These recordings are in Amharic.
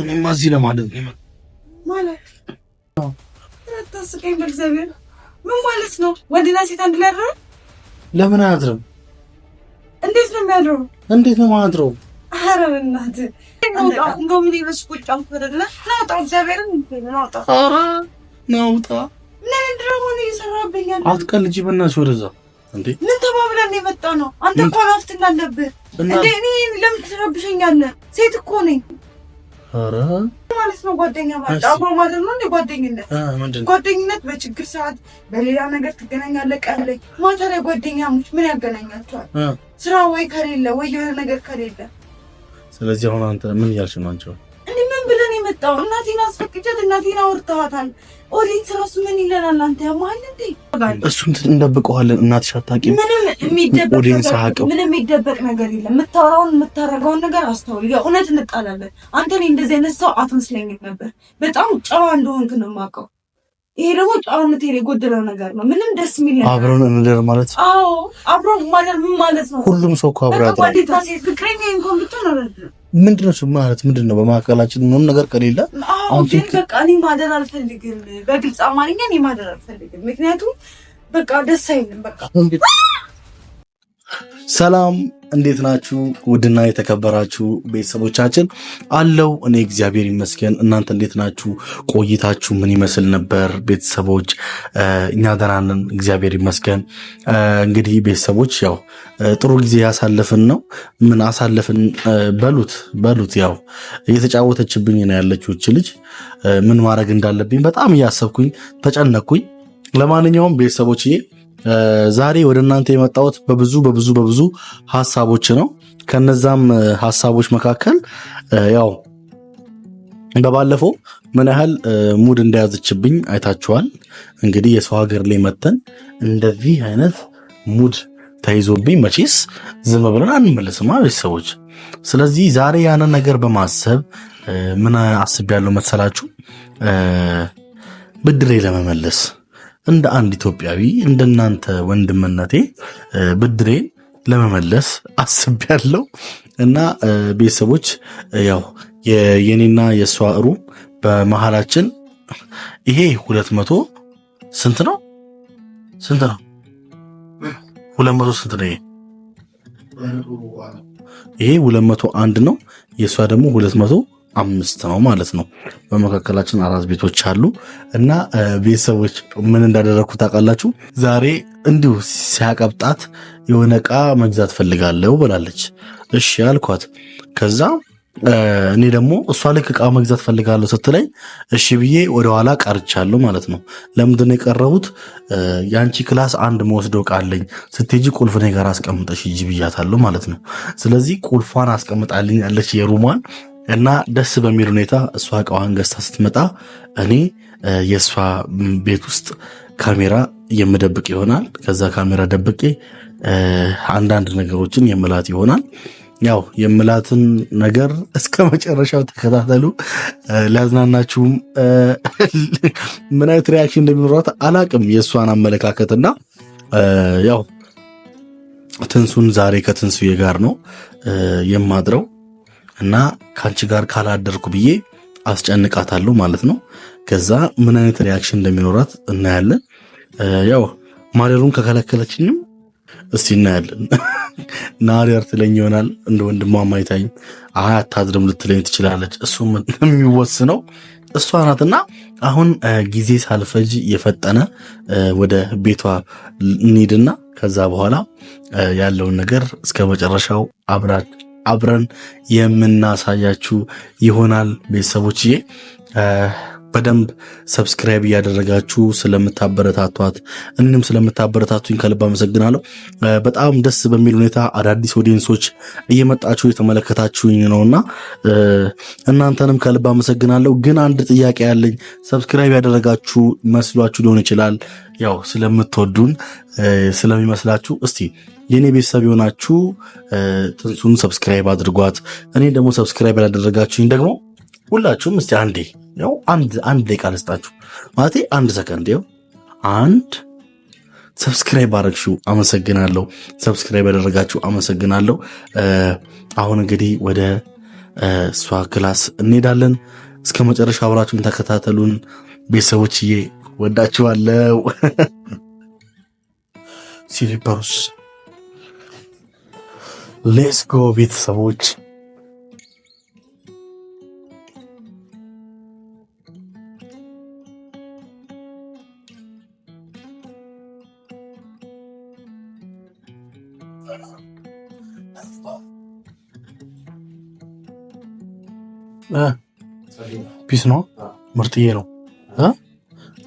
እኔማ እዚህ ለማለት ነው። ማለት ምን ማለት ነው? ወንድና ሴት አንድ ላይ ለምን አያድርም? እንዴት ነው የሚያድረው? እንዴት ነው የማያድረው? በእናትህ ናውጣ፣ ናውጣ። ለምንድን ነው እየሰራብኝ? አትቀልጂ በእናትሽ ወደዛ እንዴ ምን ተባብለን የመጣ ነው? አንተ እኮ ናፍትና አለብህ እንዴ። እኔ ለምን ትረብሸኛለህ? ሴት እኮ ነኝ። ኧረ ማለት ነው ጓደኛ ማለት አብሮ ማለት ነው ጓደኝነት። ጓደኝነት በችግር ሰዓት በሌላ ነገር ትገናኛለህ። ቀን ላይ ማታ ላይ ጓደኛሞች ምን ያገናኛቸዋል? ስራ ወይ ከሌለ ወይ የሆነ ነገር ከሌለ። ስለዚህ አሁን አንተ ምን እያልሽ ነው አንቺ? የመጣው እናቴን አስፈቅጃት እናቴን አውርተዋታል። ኦዲንስ ራሱ ምን ይለናል? አንተ ያማል እንዴ? እሱን እንደብቀዋለን። እናትሽ አታውቂም። ምንም የሚደበቅ ነገር የለም። የምታወራውን የምታረገውን ነገር አስተውል። የእውነት እንጣላለን። አንተ እኔ እንደዚህ አይነት ሰው አትመስለኝም ነበር። በጣም ጨዋ እንደሆንክ ነው የማውቀው። ይሄ ደግሞ ጨዋነት የጎደለው ነገር ነው። ምንም ደስ የሚል አብረን እንደር ማለት አዎ፣ አብረን ማለት ምን ማለት ነው? ሁሉም ሰው እኮ አብረን ሴት ፍቅረኛ እንኳን ብትሆን ምንድን ነው ማለት ምንድን ነው? በመካከላችን ምንም ነገር ከሌለ አሁን ግን በቃ እኔ ማደር አልፈልግም። በግልጽ አማርኛ እኔ ማደር አልፈልግም። ምክንያቱም በቃ ደስ አይልም። በቃ ሰላም እንዴት ናችሁ? ውድና የተከበራችሁ ቤተሰቦቻችን አለው። እኔ እግዚአብሔር ይመስገን። እናንተ እንዴት ናችሁ? ቆይታችሁ ምን ይመስል ነበር? ቤተሰቦች እኛ ደህና ነን፣ እግዚአብሔር ይመስገን። እንግዲህ ቤተሰቦች ያው ጥሩ ጊዜ ያሳለፍን ነው። ምን አሳለፍን በሉት በሉት። ያው እየተጫወተችብኝ ነው ያለችው ልጅ። ምን ማድረግ እንዳለብኝ በጣም እያሰብኩኝ ተጨነኩኝ። ለማንኛውም ቤተሰቦችዬ ዛሬ ወደ እናንተ የመጣሁት በብዙ በብዙ በብዙ ሀሳቦች ነው። ከነዛም ሀሳቦች መካከል ያው በባለፈው ምን ያህል ሙድ እንደያዘችብኝ አይታችኋል። እንግዲህ የሰው ሀገር ላይ መተን እንደዚህ አይነት ሙድ ተይዞብኝ መቼስ ዝም ብለን አንመለስም ቤተሰቦች። ስለዚህ ዛሬ ያንን ነገር በማሰብ ምን አስቤያለሁ መሰላችሁ ብድሬ ለመመለስ እንደ አንድ ኢትዮጵያዊ እንደናንተ ወንድምነቴ ብድሬን ለመመለስ አስቤያለሁ እና ቤተሰቦች ያው የኔና የእሷ እሩ በመሀላችን ይሄ ሁለት መቶ ስንት ነው? ስንት ነው? ሁለት መቶ ስንት ነው? ይሄ ሁለት መቶ አንድ ነው። የእሷ ደግሞ ሁለት መቶ አምስት ነው ማለት ነው። በመካከላችን አራት ቤቶች አሉ እና ቤተሰቦች ምን እንዳደረግኩ ታውቃላችሁ? ዛሬ እንዲሁ ሲያቀብጣት የሆነ እቃ መግዛት ፈልጋለሁ ብላለች። እሺ አልኳት። ከዛ እኔ ደግሞ እሷ ልክ እቃ መግዛት ፈልጋለሁ ስትለኝ እሺ ብዬ ወደኋላ ቀርቻለሁ ማለት ነው። ለምንድን ነው የአንቺ ክላስ አንድ መወስዶ እቃ አለኝ ስትሄጂ ቁልፍ ነገር ጋር አስቀምጠሽ ሂጂ ብያታለሁ ማለት ነው። ስለዚህ ቁልፏን አስቀምጣልኝ ያለች የሩማን እና ደስ በሚል ሁኔታ እሷ እቃዋን ገዝታ ስትመጣ እኔ የእሷ ቤት ውስጥ ካሜራ የምደብቅ ይሆናል። ከዛ ካሜራ ደብቄ አንዳንድ ነገሮችን የምላት ይሆናል። ያው የምላትን ነገር እስከ መጨረሻው ተከታተሉ። ሊያዝናናችሁም ምን አይነት ሪያክሽን እንደሚኖራት አላቅም። የእሷን አመለካከትና ያው ትንሱን ዛሬ ከትንሱዬ ጋር ነው የማድረው እና ከአንቺ ጋር ካላደርኩ ብዬ አስጨንቃታለሁ ማለት ነው። ከዛ ምን አይነት ሪያክሽን እንደሚኖራት እናያለን። ያው ማደሩን ከከለከለችኝም እስቲ እናያለን። ናሪያር ትለኝ ይሆናል እንደ ወንድሟ ማይታኝ አይ አታድርም ልትለኝ ትችላለች። እሱ የሚወስነው እሷ ናትና አሁን ጊዜ ሳልፈጅ የፈጠነ ወደ ቤቷ እንሂድና ከዛ በኋላ ያለውን ነገር እስከ መጨረሻው አብራች አብረን የምናሳያችሁ ይሆናል። ቤተሰቦችዬ በደንብ ሰብስክራይብ እያደረጋችሁ ስለምታበረታቷት እንም ስለምታበረታቱኝ ከልብ አመሰግናለሁ። በጣም ደስ በሚል ሁኔታ አዳዲስ ኦዲየንሶች እየመጣችሁ የተመለከታችሁኝ ነውና እናንተንም ከልብ አመሰግናለሁ። ግን አንድ ጥያቄ ያለኝ ሰብስክራይብ ያደረጋችሁ መስሏችሁ ሊሆን ይችላል። ያው ስለምትወዱን ስለሚመስላችሁ እስቲ የእኔ ቤተሰብ የሆናችሁ ጥንሱን ሰብስክራይብ አድርጓት። እኔ ደግሞ ሰብስክራይብ ያላደረጋችሁኝ ደግሞ ሁላችሁም እስቲ አንዴ ያው አንድ አንድ ደቂቃ ልስጣችሁ ማለት አንድ ሰከንድ ው አንድ ሰብስክራይብ አረግሽው፣ አመሰግናለሁ። ሰብስክራይብ ያደረጋችሁ አመሰግናለሁ። አሁን እንግዲህ ወደ እሷ ክላስ እንሄዳለን። እስከ መጨረሻ አብራችሁን ተከታተሉን ቤተሰቦችዬ፣ ወዳችኋለው ሲሊፐሩስ ሌትስ ጎ ቤተሰቦች። ፒስ ነው፣ ምርጥዬ ነው።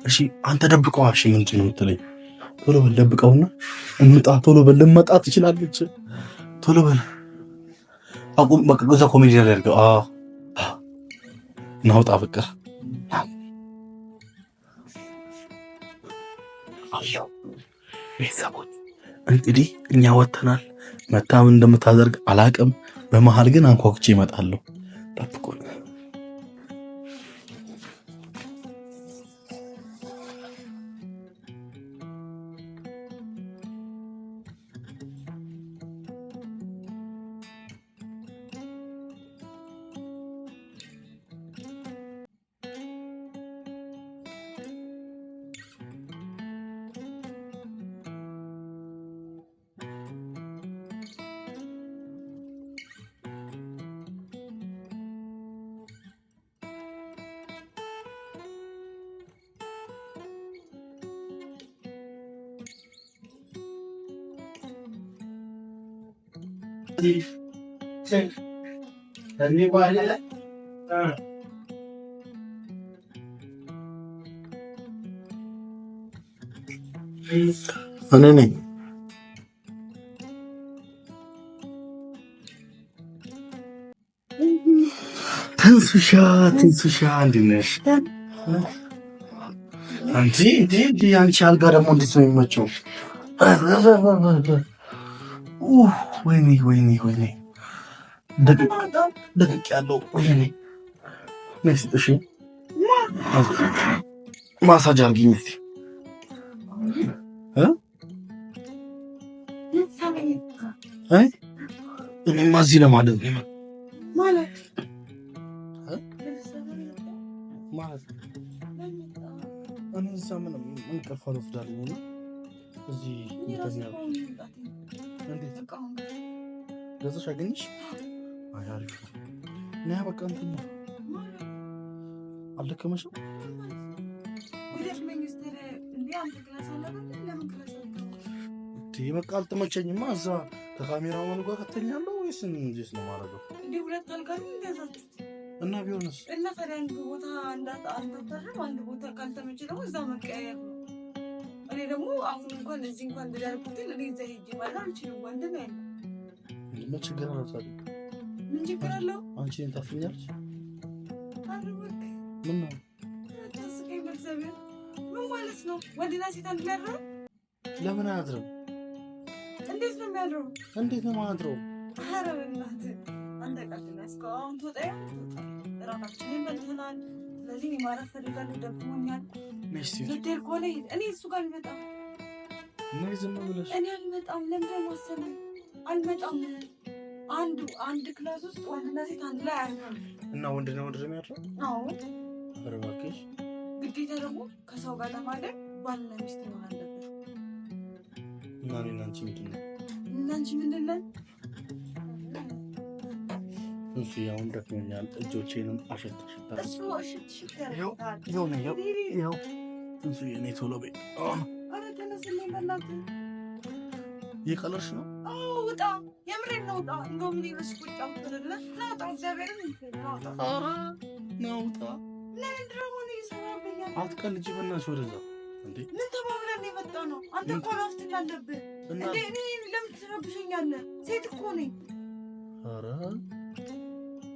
እሺ አንተ ደብቀው አልሽኝ፣ ምንድን ነው የምትለኝ? ቶሎ በል ደብቀውና እንምጣ፣ ቶሎ በል ልመጣ ትችላለች። ቶሎ በል አቁም። በቃ እዛ ኮሜዲ ላይ አድርገው። ናውጣ ፍቅር ቤተሰቦች እንግዲህ እኛ ወተናል። መታም እንደምታደርግ አላቅም። በመሀል ግን አንኳኩቼ ይመጣለሁ። ጠብቁን። Kendi bahane. Evet. Anne ne? Tansushant, Tansushant dinesh. जी जी जी अंशाल गर्म होने से मचो ወይኔ ወይኔ ወይኔ ደቂቅ ያለው ወይኔ ኔክስት። እሺ ማሳጅ አድርጊኝ እስኪ አይ እኔማ እዚህ ለማለት ነው ማለት ማለት እዚህ እንዴት ገዛሽ? አገኘሽ? አይ አሪፍ ነው። በቃ እንትን ነው አልደከመሽም? በቃ አልተመቸኝማ። እዛ ከካሜራማኑ ጋር ከተኛለሁ ወይስ እንዴት ነው የማደርገው? እና ቢሆንስ እና ታዲያ አንድ ቦታ አንድ ቦታ ካልተመቸኝ ደግሞ እዛ መቀያየር እኔ ደግሞ አሁን እንኳን እዚህ እንኳን ብዳርኩትን እኔ እዛ አልችልም። ወንድም ያለ ችግር ነው? ምን ችግር አለው? አንቺ ምን ነው ምን ማለት ነው? ወንድና ሴት አንድ ላይ አድረው? ለምን አያድረው? እንዴት ነው የሚያድረው? እንዴት ነው ማያድረው? አረ በእናትህ አንተ ቀርትና እስካሁን ትወጣ ራታችንን በልተናል። ስለዚህ ማረፍ ፈልጋለሁ። ደክሞኛል። ልትሄድ ከሆነ እኔ እሱ ጋር አልመጣም። እኔ አልመጣም። ለምንድን ነው አልመጣም። አንዱ አንድ ክላስ ውስጥ ወንድና ሴት አንድ ላይ አይሆንም እና ወንድ ነው የሚያድረው። አዎ፣ ኧረ እባክሽ። ግዴታ ደግሞ ከሰው ጋር ለማደግ ባልና ሚስት መሆን አለበት። እና እኔ ምንድን ምንድን እዚህ አሁን ደክሞኛል። እጆቼንም አሸት ሽታው እኔ ቶሎ ቤ ይህ ቀለርሽ ነው። አትቀልጂ በእናትሽ ወደዛ ምን ተባብለን የመጣ ነው? አንተ እኮ ረፍት እንዳለብህ እንደ እኔ ለምን ትረብሸኛለህ? ሴት እኮ ነኝ።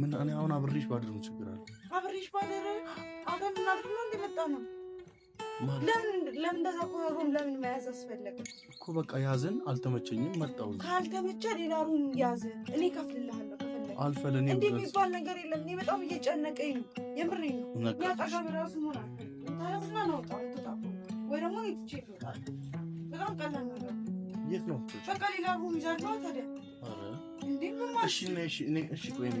ምን እኔ አሁን አብሬሽ ባድር ነው ችግር አለ? አብሬሽ ባድር አብረን እናድር ነው እንደመጣ ነው። ለምን ለምን እንደዛ ሩም ለምን መያዝ አስፈለገ እኮ? በቃ ያዝን፣ አልተመቸኝም፣ መጣሁ። ካልተመቸ ሌላ ሩም ያዝ፣ እኔ እከፍልልሃለሁ። እንዴ የሚባል ነገር የለም። እኔ በጣም እየጨነቀኝ ነው፣ የምሬ ነው። ያጣጋ በራሱ ነው ወይ ደግሞ ይወጣል። በጣም ቀላል ነገር የት ነው? በቃ ሌላ ሩም ታዲያ። አረ እንዴ ምን ማለት እሺ፣ እሺ፣ እሺ፣ ቆይ እኔ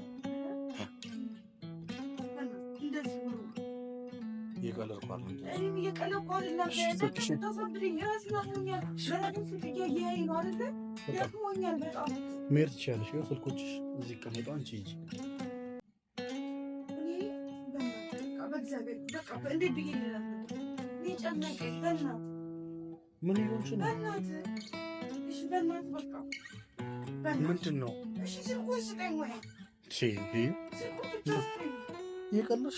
ሜር ትችያለሽ። ስልኮችሽ እዚህ ይቀመጡ። አንቺ ሂጂ። ምን ሆንሽ ነው? ምንድን ነው? እሺ ስልኩን ስጠኝ ወይ? እሺ ይቀልሽ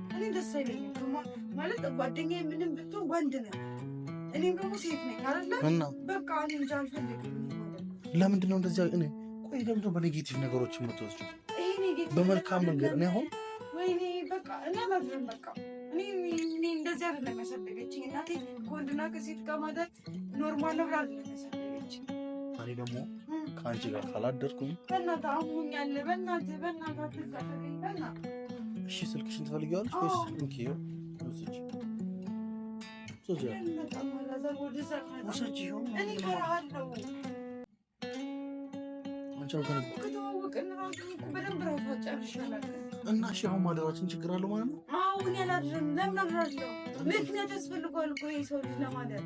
እኔ ደስ አይለኝም ማለት ጓደኛዬ ምንም ብትሆን ወንድ ነው፣ እኔም ደግሞ ሴት ነኝ አይደለ? በቃ እኔ እንጃ አልፈልግም። ለምንድን ነው እንደዚያ? እኔ ቆይ ለምንድን ነው በኔጌቲቭ ነገሮች የምትወስጂው? በመልካም መንገድ እኔ አሁን ወይኔ በቃ እኔ መብርም በቃ እኔ እኔ እንደዚህ አይደለም ያሳደገችኝ እናቴ። ከወንድና ከሴት ጋር ማለት ኖርማል ነው ብላ አይደለም ያሳደገችኝ። እኔ ደግሞ ከአንቺ ጋር ካላደርኩኝ በእናትህ አሙኛል። በእናትህ በእናትህ አትዛፈረኝ በእናትህ እሺ፣ ስልክሽን ትፈልጊዋለሽ ወይስ እንኪው? ወስጂ እና እሺ፣ አሁን ማደራችን ችግር አለው ማለት ነው? አሁን ያላድርም። ለምን አድራለሁ? ምክንያት ያስፈልገዋል እኮ ይሄ ልጅ ለማደር።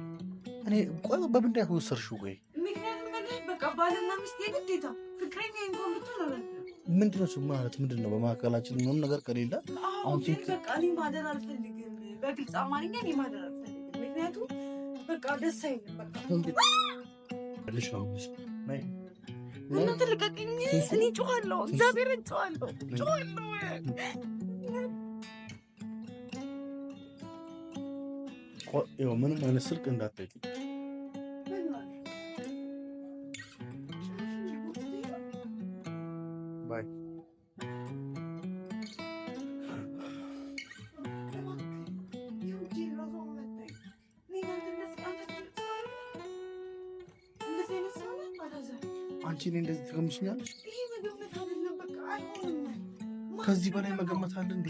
እኔ ቆይ በምን እንዳይወሰርሽው? ቆይ ምክንያቱም በቃ ባልና ሚስት የግዴታ ፍቅረኛ እንኳን ብትሆን ምንድነው እሱ ማለት ምንድን ነው? በመካከላችን ምንም ነገር ከሌለ አሁን ሴት በቃ እኔ ማደር አልፈልግም። በግልጽ አማርኛ እኔ ማደር አልፈልግም። ምክንያቱም በቃ ደስ አይልም። በቃ ልሽ ነው ልሽ እናንተ ልቀቅኝ። እኔ ጮኋለሁ፣ እግዚአብሔርን ጮኋለሁ፣ ጮኋለሁ። ምንም አይነት ስልክ እንዳትጠይቂ ታስታውስኛለሽ? ከዚህ በላይ መገመት አለ እንዴ?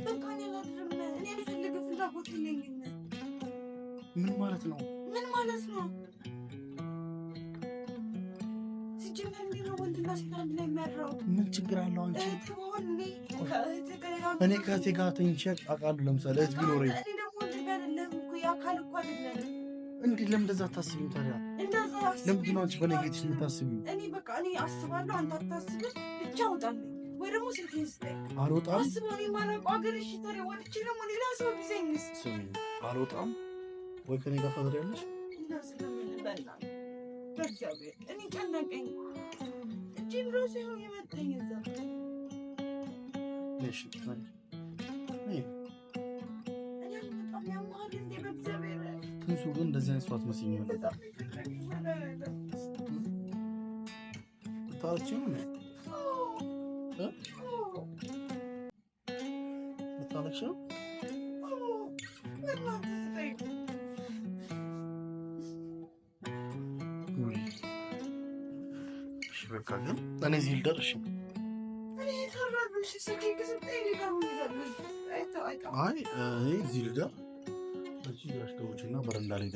ምን ማለት ነው? ምን ማለት ነው? ምን ችግር አለው? አንቺ እኔ ከእህቴ ጋር ተኝቼ አውቃለሁ። ለምሳሌ እህት ቢኖረኝ እንዴት ለምን እንደዛ አታስቢም ታዲያ? ለምንድን ነው አንቺ በነገትሽ የምታስቢው? እኔ በቃ እኔ አስባለሁ፣ አንተ አታስብም። ብቻ ውጣልኝ ወይ ደግሞ ስልኬን ስጠኝ። አልወጣም። አስበው፣ እኔ የማላውቀው ሀገር። እሺ ታዲያ ወጥቼ ደግሞ ሌላ ሰው ቢዘኝ አልወጣም። ወይ ከኔ ጋር ፈቅዳለሽ? እንደዚህ ለምን በላ በእግዚአብሔር እኔ ጨነቀኝ። እጅም ራሱ ይሁን የመጣኝ እዛ እሺ እኔ በጣም ያማሃል እንዴ በእግዚአብሔር assurdo un descenso atmosferico. Tartışıyor mu? Ha? Bu tartışıyor Bakalım. Ben ezildi şey arışım. Ay, e, Zilda. እና በረንዳ ላይ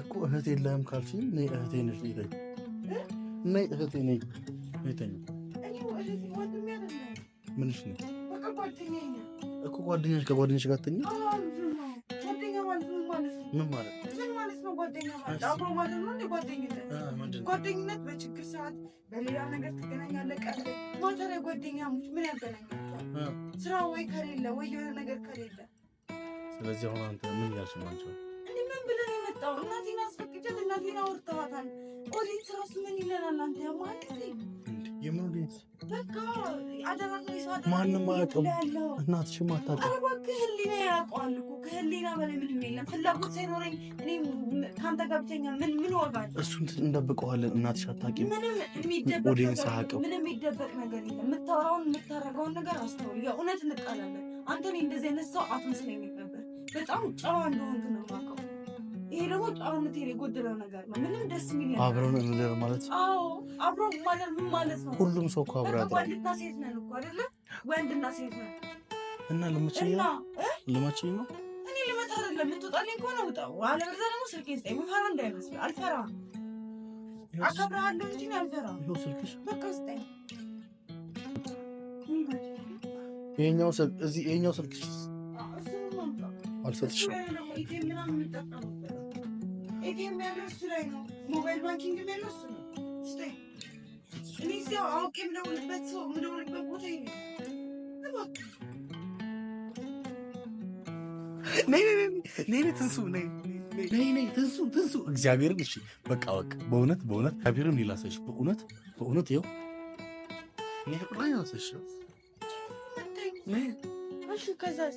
እኮ እህት የለህም ካልሽኝ፣ እህቴ ነሽ ነኝ እህቴ ምንሽ ነው እኮ ጓደኛሽ ከጓደኛሽ ጋር ትኛ ምን ማለት ምን ማለት ነው? ጓደኛ ማለት አብሮ ማለት ነው። ጓደኝነት ጓደኝነት በችግር ሰዓት በሌላ ነገር ትገናኛለህ። ቀን ማታ ላይ ጓደኛሞች ምን ያገናኛቸዋል? ስራ ወይ ከሌለ ወይ የሆነ ነገር ከሌለ። ስለዚህ አሁን አንተ ምን እያልሽ ነው? አንቺ ምን ብለህ የመጣው? እናቴን አስፈቅጃት እናቴን አውርተዋታል። ቆይ ስራስ ምን ይለናል? አንተ ያማል የምን ልጅ በቃ ማንም አያውቅም። እናትሽም አታውቅም። ከህሊና ያውቀዋል ከህሊና በላይ ምንም የለም። ፍላጎት ሳይኖረኝ እኔ ከአንተ ጋር ብቸኛ ምን ምን ዋጋል? እሱን እንደብቀዋለን። እናትሽ አታውቂም። ምንም የሚደበቅ ነገር የለም። የምታወራውን የምታረገውን ነገር አስተውል። የእውነት እንጣላለን። አንተ እኔ እንደዚህ አይነት ሰው አትመስለኝም ነበር። በጣም ጨዋ እንደሆንክ ነው የማውቀው ይሄ ደግሞ አሁን የጎደለው ነገር ነው። ምንም ደስ የሚል አብረን እንደር ማለት አዎ፣ አብሮ ማደር ምን ማለት ነው? ሁሉም ሰው እኮ አብሮ ያደረ ወንድና ሴት ነን እኮ አይደለ? ወንድና ሴት ነን እና ልመችኝ ነው ልመችኝ ነው እኔ ልመጣ አይደለም። የምትወጣልኝ ከሆነ ውጣ፣ አለበለዚያ ደግሞ ስልኬ ስጠኝ። የምፈራ እንዳይመስል አልፈራም። አከብረሃለሁ እንጂ አልፈራም። ይኸው ስልክሽ በቃ ስጠኝ። ይኸኛው ስልክ እዚህ ይኸኛው ስልክሽ አልሰጥሽም Evin veriyor Süleyman. Mobile banking'i veriyorsun. İşte. Neyse al emre onu ben soğuk. ne onu ben buradayım. ነይ Ne ne ነይ ትንሱ ነይ ነይ ነይ ትንሱ ትንሱ እግዚአብሔርን እሺ በቃ በቃ በእውነት በእውነት እግዚአብሔርን ይላሰሽ በእውነት በእውነት ይኸው ይላሰሽ ነው ከዛስ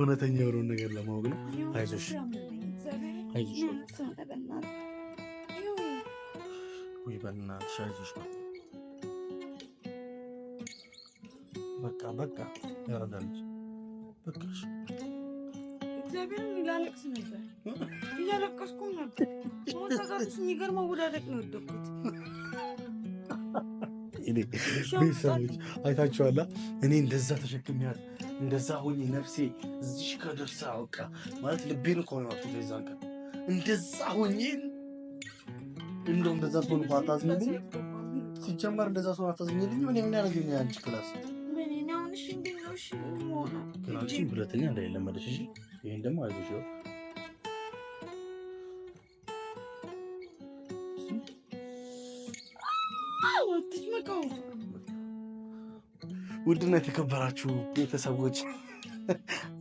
እውነተኛ የሆነውን ነገር ለማወቅ ነው። አይዞሽ ወይ በእናትሽ አይዞሽ በቃ በቃ ያረዳለች። ላለቅስ ነበር፣ ነበር። አይታችኋላ እኔ እንደዛ ተሸክሚያል እንደዛ ሆኜ ነፍሴ እዚሽ ከደርሳ በቃ ማለት ልቤን እኮ ነው ያልኩት። የዛን ቀን እንደዛ ሆኜ እንደው እንደዛ ሰው እንኳ አታዝኝልኝ። ሲጀመር እንደዛ ሰው አታዝኝልኝ። ምን ምን ያደርገኛ አንቺ ክላስ ግን ሁለተኛ እንዳይለመደሽ እሺ። ይህን ደግሞ አይዞሽ ይኸው መቃወም ውድና የተከበራችሁ ቤተሰቦች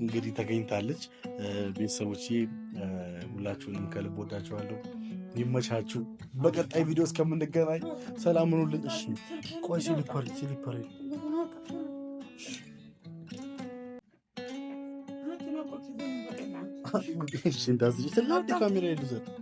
እንግዲህ ተገኝታለች። ቤተሰቦች ሁላችሁንም ከልብ ወዳችኋለሁ። ይመቻችሁ። በቀጣይ ቪዲዮ እስከምንገናኝ ሰላም ኑልኝ። እሺ፣ ቆይ ሲሊፐር ሲሊፐር እንዳስጅ ትላንት ካሜራ ይሉዘት